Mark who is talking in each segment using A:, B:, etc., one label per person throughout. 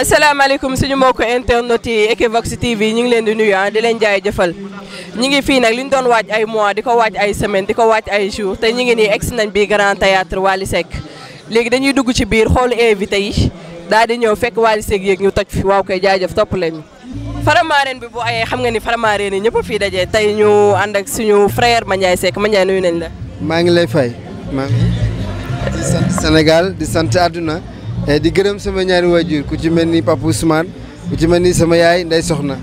A: asalaamaaleykum suñu mbokku internet yi Equivox TV ñu ngi leen di nuyu ah, di leen jaay jëfal ñu ngi fii nag li ñu doon waaj ay mois di ko waaj ay semaine di ko waaj ay jours te ñu ngi nii egsi nañ bi Grand Théâtre Wally Seck léegi dañuy dugg ci biir xool invité yi daal di ñëw fekk Wally Seck yéeg ñu toj fi waaw koy jaajëf topp leen ñu. Faramareen bi bu ayee xam nga ni Faramareen yi ñëpp fii dajee tey ñu ànd ak suñu frère Mandiaye Seck Mandiaye nuyu nañ la.
B: maa ngi lay fay maa ngi sant Sénégal di Eh, di gërëm sama ñaari waajur ku ci mel ni papa ku ci mel sama yaay nday soxna.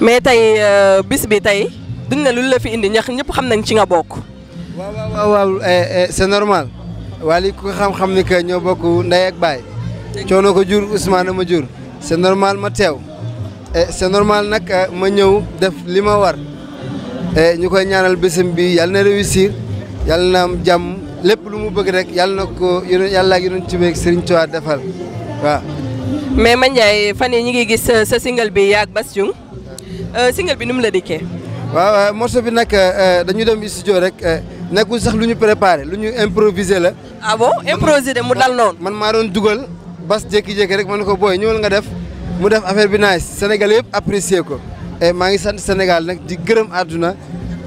B: mais tey
A: euh, bis bi tey duñ na lu la indi ñax ñëpp xam nañ ci nga bokk.
B: waaw waaw eh, eh, normal wali ku xam-xam ni que ñoo bokk nday ak baay. coono ko jur Ousmane ma jur. c'est normal ma teew. c'est normal nag ma ñëw def li war. ñu koy ñaanal bésam bi yàlla na réussir yàlla na am lépp lu mu bëgg rek yàlla nag ko yàlla ak yonent bi ak Serigne Touba defal waaw.
A: mais man Ndiaye fan yii ñu ngi gis euh, sa single bi yaag Bass Thioung euh, single bi nu mu la dikkee.
B: waaw waaw morceau bi nag euh, dañu dem studio rek nekkul sax lu ñu préparé lu ñu improvisé la. ah bon improvisé mu dal noonu. man maa doon dugal Bass jékki-jékki rek man ko booy ñëwal nga def mu def affaire bi nice Sénégal yëpp apprécier ko maa ngi sant Sénégal nag di gërëm àdduna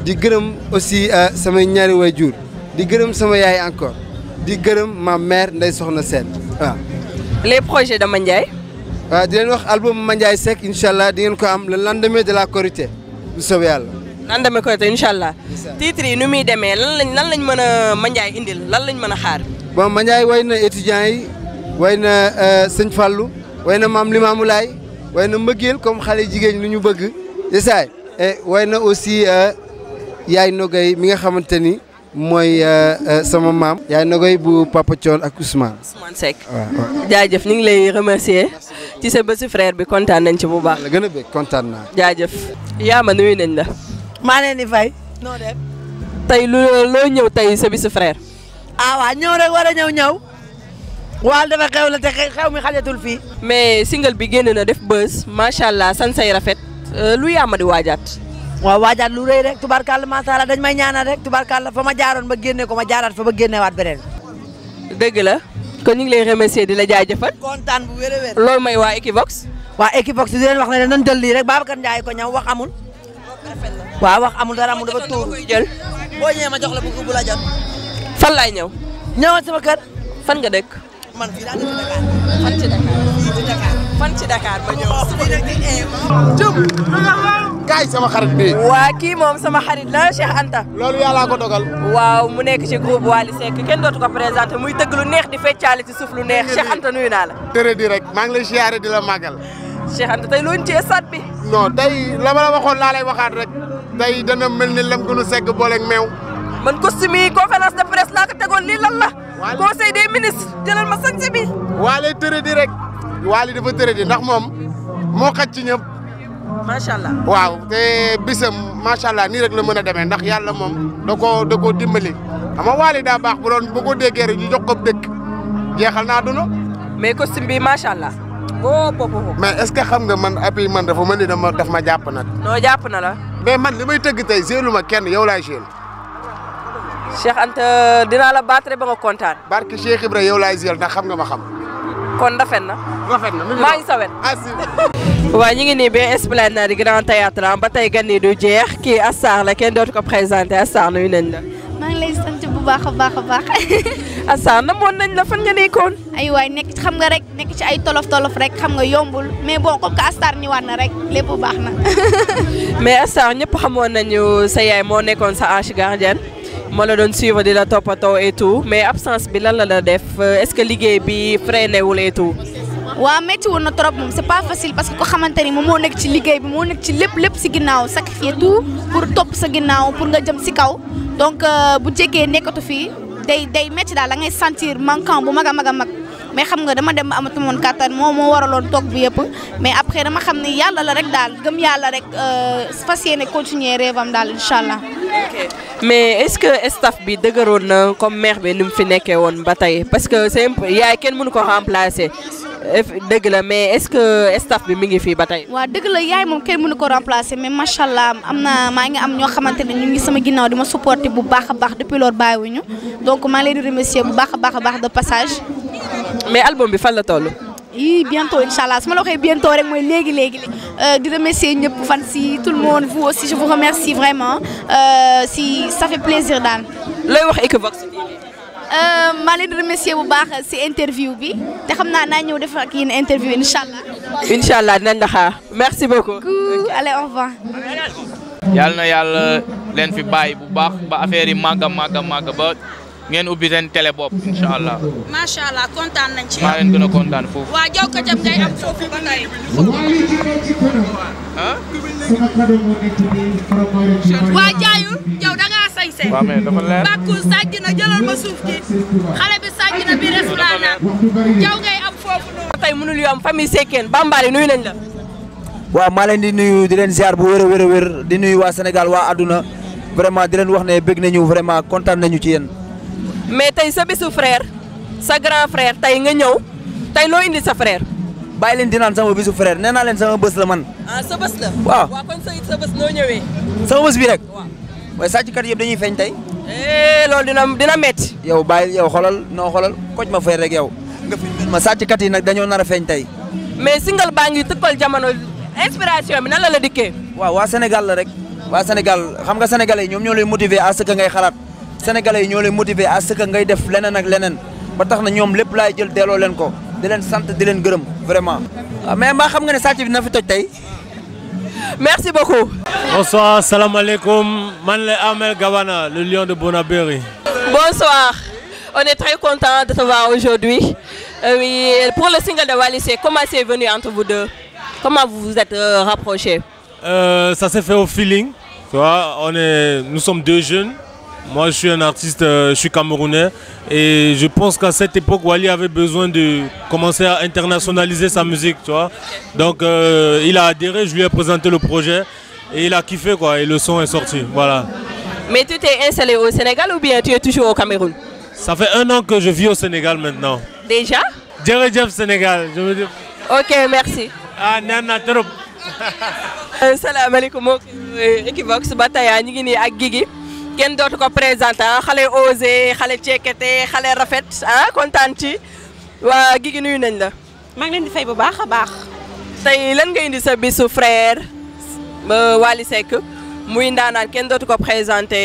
B: di gërëm aussi sama ñaari waajur di gërëm sama yaay encore di gërëm ma mère Ndeye Soxna Sène waaw. les projets de Mandiaye. waaw di leen wax album Mandiaye sek incha allah di ngeen ko am le lendemain de la Korité bu soobee yàlla.
A: lendemain Korité incha allah. titre yi nu muy demee lan lañ lan lañ mën a Mandiaye indil lan lañ mën a xaar.
B: bon Mandiaye way na étudiants yi way na euh, sëñ Fallou way na maam Limamou Laye way na mbëggeel comme xale jigéen lu ñu bëgg. desaay way na aussi euh, yaay Nogay mi nga xamante ni. mooy euh, euh, sama maam. yaay Nogoy bu Papa Thion ak Ousmane.
A: Ousmane
B: jaajëf ñu ngi lay
A: remercier ci sa bésu frère bi kontaan nañ ci bu baax. la gën a bëgg kontaan jaajëf. yaa ma nuyu nañ la. maa leen di fay. noo def. tey lu loo ñëw tey sa bésu frère. ah waaw ñëw rek war a ñëw ñëw. waaw dafa xew la te xew mi xajatul fii. mais single bi génne na def buzz macha allah san say rafet euh, lu yaa ma di waajaat. waaw waajaat lu rëy rek tubarkalla macha allah dañ may ñaanal rek tubarkalla fa ma jaaroon ba génne ko ma jaaraat fa ba génnewaat beneen. dëgg la kon ñu ngi lay remercier di la jaajëfal. kontaan bu wér a wér. loolu mooy waa Equivox. waa Equivox di leen wax ne nan jël lii rek Babacar Ndiaye ko ñaw wax amul. waaw wax amul dara amul dafa tuur jël. boo ñëwee ma jox la bu la laay ñëw. ñëwaat sama kër. fan nga dëkk. man fii daal dëkk kaay sama xarit bi waa kii moom sama xarit la Cheikh Anta loolu yàllaa ko dogal waaw mu nekk ci groupe Wally Seck kenn dootu ko présenté muy tëgg lu neex di feccaale ci suuf lu neex Cheikh Anta nuyu naa la tërë di rek maa ngi lay di la màggal Cheikh Anta tey loon ci stade bi non tey la ma la waxoon laa lay waxaat rek tey dana mel ni lam gënu segg booleeg meew man costume yi conférence de presse laa ko tegoon lii lan la conseil des ministres jëlal ma sañ bi waale tërë di macha allah waaw te bisam macha allah nii rek la mën a demee ndax yàlla moom da koo da koo dimbali xam nga Wally daa baax bu doon bu ko déggee rek ñu jox ko dëkk jeexal naa duna. mais costume bi macha
B: allah. boo oh, boppam. mais est ce que xam nga man appui man dafa mën ni daf ma jàpp nag.
A: non jàpp na la. mais man li may tëgg tey
B: géelu ma kenn yow laay géel.
A: dinaa la battre ba nga kontaan. barke Cheikh yow laay géel ndax xam nga ma xam. kon rafet
C: maa ngi sa
A: waaw ñu ngi nii ba esplanade grand théâtre ah, ba tey gan yi du jeex ki Astar la kenn dootu ko présenté Astar nuyu nañ la.
C: maa ngi lay sant bu baax a baax a baax. Astar namoon nañ la fan nga nekkoon. ay waaye nekk xam nga rek nekk ci ay tolof tolof rek xam nga yombul mais bon comme que Astar ñëwaat na rek lépp bu baax na.
A: mais Astar ñëpp xamoon nañu sa yaay moo nekkoon sa ange gardien. moo la doon suivre di la toppatoo et tout mais absence bi lan la la def est-ce que liggéey bi freiné wul et
C: waaw métti woon na trop moom c'est pas facile parce que ko xamante ni moom moo nekk ci liggéey bi moo nekk ci lépp lép si ginnaaw sacrifié tout pour topp sa ginnaaw pour nga jëm si kaw donc euh, bu jékkee nekkatu fii day day métti daal a ngay sentir manquan bu mag a mag a mag mais xam nga dama dem ba amatu woon kàttan moo moo waraloon toog bi yëpp mais après dama xam ni yàlla la rek daal gëm yàlla rek euh, fas yéene continuer rêve am daal incha allah.
A: mais est-ce que staff bi dëgëroon na comme maire bi ni mu fi nekkee woon ba tey parce que c'est yaay kenn mënu ko remplacer. dëgg la mais est que staff bi mi ngi fii ba tey.
C: waaw dëgg la yaay moom kenn mënu ko remplacer mais macha allah am na maa ngi am ñoo xamante ne ñu ngi sama ginnaaw di ma supporter bu baax a baax depuis loolu bàyyiwuñu donc maa ngi leen remercier bu baax a baax a baax de passage.
A: mais album bi fan la toll.
C: yii bientôt incha allah su ma la waxee bientôt rek mooy léegi léegi euh, di remercier ñëpp fan si tout le monde vous aussi je vous remercie vraiment euh, si sa fait plaisir daal. looy Euh, maa leen di remercier bu baax si interview bi te xam naa na ñëw def ak yéen interview incha allah. incha
A: allah merci
C: beaucoup. allez
A: na yàlla leen fi bàyyi bu baax ba affaire yi màgg a màgg màgg ba ngeen ubbi seen télé bopp incha allah.
D: allah kontaan nañ ci. maa leen gën a kontaan foofu. waa Jokko jam ngay am foofu ba tey. waa jaayul.
E: kese. bàkkul sàcc
D: na jëlal ma suuf gi xale
E: bi sàcc na bii resul
D: naa
E: ngay am foofu noonu. tey mënul
A: yomb famille Seckeen Bambali nuyu nañ la.
B: waaw maa leen di nuyu di leen ziar bu wér a wér a wér di nuyu waa Sénégal waa àdduna vraiment di leen wax ne bëgg nañu vraiment kontaan nañu ci yéen.
A: mais tey sa bisu frère sa grand frère tey nga ñëw tey loo indi sa frère.
B: bàyyi leen di naan sama bésu frère nee naa leen sama bës la man.
A: ah sa bës la. waaw waaw kon
B: sa sa waaye sàcckat yëpp dañuy feeñ tey. Eh, loolu dina dina métti. yow bàyyi yow xolal noo xolal koc ma fay rek yow. nga fi ma sàcckat yi nag dañoo nar a feeñ tey.
A: mais single baa ngi tëkkal jamono inspiration bi nan la la dikkee. waaw waa Sénégal la
B: rek. waa Sénégal xam nga sénégalais yi ñoom ñoo lay motiver à ce ngay xalaat sénégalais yi ñoo lay motiver à ce ngay def leneen ak leneen ba tax na ñoom lépp laay jël delloo leen ko di leen sant di leen gërëm vraiment. Ah, mais mbaa xam nga ne bi na fi toj tey. merci beaucoup. bonsoir salaamaaleykum man la Amel Gabana le lion de Bonabéry. bonsoir
A: on est très content de te aujourd'hui euh, pour le single de Wally Seck comment c'est venu entre vous deux comment vous vous êtes euh, rapprochés.
B: Euh, ça s'est fait au feeling. nous sommes deux jeunes. Moi, je suis un artiste, euh, je camerounais et je pense qu'à cette époque, Wally avait besoin de commencer à internationaliser sa musique, tu vois. Donc, euh, il a adhéré, je lui ai présenté le projet et il a kiffé, quoi, et le son est sorti, voilà.
A: Mais tu t'es installé au Sénégal ou bien tu es toujours au Cameroun
B: Ça fait un an que je vis au Sénégal maintenant. Déjà Jerry Jeff Sénégal, je veux dire.
A: Ok, merci. Ah, nana, trop. Euh, salam alaikum, Equivox, Bataya, Nigini, Agigi. kenn dootu ko présenté ah xale osé xale ceekete xale rafet ah kontaan ci waa Guigui nuyu nañ la. maa ngi leen di fay bu baax a baax. tey lan nga indi sa bisu frère Wally Seck
D: muy ndaanaan kenn dootu ko présenté.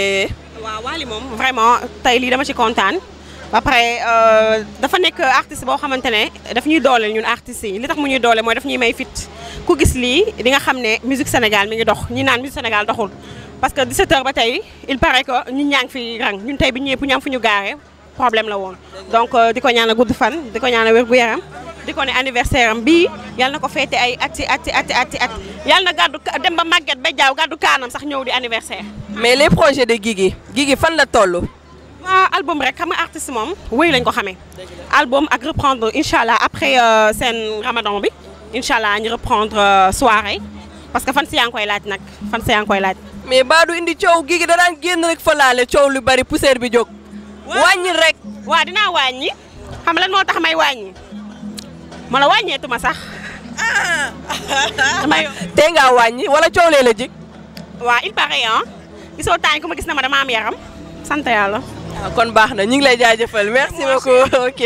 D: waaw waali moom vraiment tey lii dama ci kontaan. ba pare euh, dafa nekk artiste boo xamante ne daf ñuy dooleel ñun artistes yi li tax mu ñuy dooleel mooy daf ñuy may fit ku gis lii di nga xam ne musique Sénégal mi ngi dox ñi naan musique Sénégal doxul parce que 17h ba tey il paraît que ñun ñaa ngi fi rang ñun tey bi ñëpp ñu am fu ñu gaare problème la woon. donc euh, di ko ñaanal gudd fan di ko ñaanal wér gu yaram di ko ne anniversaire am bii yal na ko féete ay ati ati ati at yal na gàddu dem ba màgget be jaaw gàddu kaanam sax ñëw di anniversaire. mais les projet de Guigui Guigui fan la toll. waaw ah, album rek xam nga artiste moom wéy lañ ko xamee album ak reprendre incha allah après euh, seen ramadan bi incha allah ñu reprendre euh, soirée parce que fan si yaa laaj nag fan si yaa laaj. mais baa du indi coow gi gi da daan génn rek fa laale coow lu bari poussière bi jóg. wàññil rek. waa dinaa wàññi xam lan moo tax may wàññi ma la wàññeetu ma sax. damay tey ngaa wàññi wala coow lee la ji. waa il paraît ah gisoo temps ku ma gis na ma dama am yaram sant yàlla. Ah, kon baax na
A: ñu ngi lay jaajëfal merci beaucoup ok.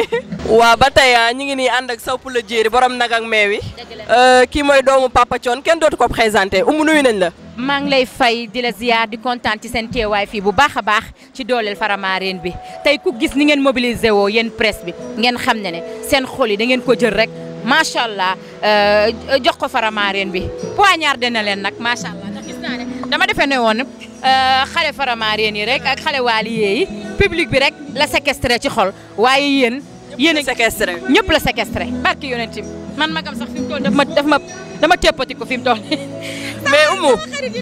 A: waaw ba tey ah, ñu ngi nii ànd ak Sow Poulo Diéry borom nag ak meew yi euh, kii mooy doomu Papa Thione kenn dootu ko présenté umu nuyu nañ la.
E: maa ngi lay fay di la ziar di kontaan ci seen teewaay fii bu baax a baax ci dooleel Faramareen bi tey ku gis ni ngeen mobilisé woo yéen presse bi ngeen xam ne ne seen xol yi da ngeen ko jël rek macha allah euh, jox ko Faramareen bi poignard dina leen nag macha allah dama defee ne woon euh, xale Faramareen yi rek ak xale waaliye public bi rek la séquestré ci xol waaye yéen. yéen a séquestré ñëpp la séquestré barki yonent bi man magam sax fi mu daf ma daf ma dama teppati ko fi mu toll mais umu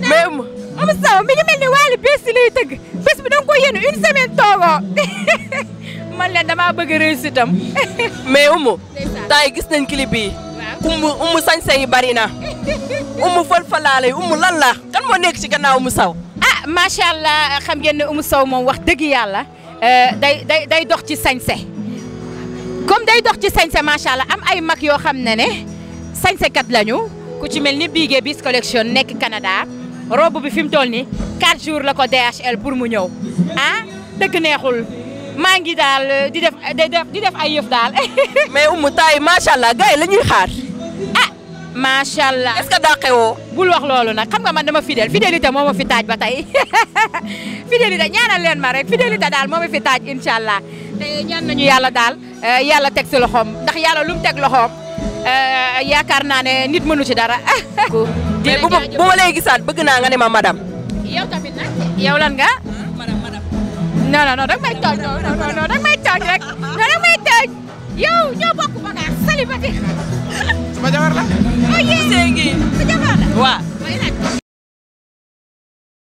E: mais umu umu saw mi ngi mel ni waali bés lay tëgg bés bi danga ko yéen une semaine toogoo
A: man le damaa bëgg réussite am mais umu temps gis nañ clip bi
E: umu umu sañse yi bari na umu fël falaale umu lan la kan moo nekk ci gannaaw umu saw ah macha allah xam ngeen ne Oumou Sow moom wax dëgg yàlla euh, day day day dox ci sañse comme day dox ci sañse macha allah am ay mag yoo xam ne ne sañsekat lañu ku ci mel ni Bigué bis collection nekk kanada robe bi fi mu toll nii 4 jours la ko DHL pour mu ñëw ah dëgg neexul maa ngi daal euh, di def di def ay yëf daal. mais Oumou taay macha allah gars la ñuy xaar. macha allah est que dàqewoo bul wax loolu nag xam nga man dama fidèle fidélité moo ma fi taaj ba tey fidélité ñaanal leen ma rek fidélité daal moo ma fi taaj incha allah te ñaan nañu yàlla daal eh, yàlla teg si loxoom ndax yàlla lu mu teg loxoom eh, yaakaar naa ne nit mënu ci dara. mais bu ma lay gisaat bëgg naa nga ne ma madame. yow lan nga. madame madame. non non non danga tooj non non non
D: danga may tooj. yow ñoo bokk bagage célibataire. sama jabar la. oh yee. sa jabar la waaw.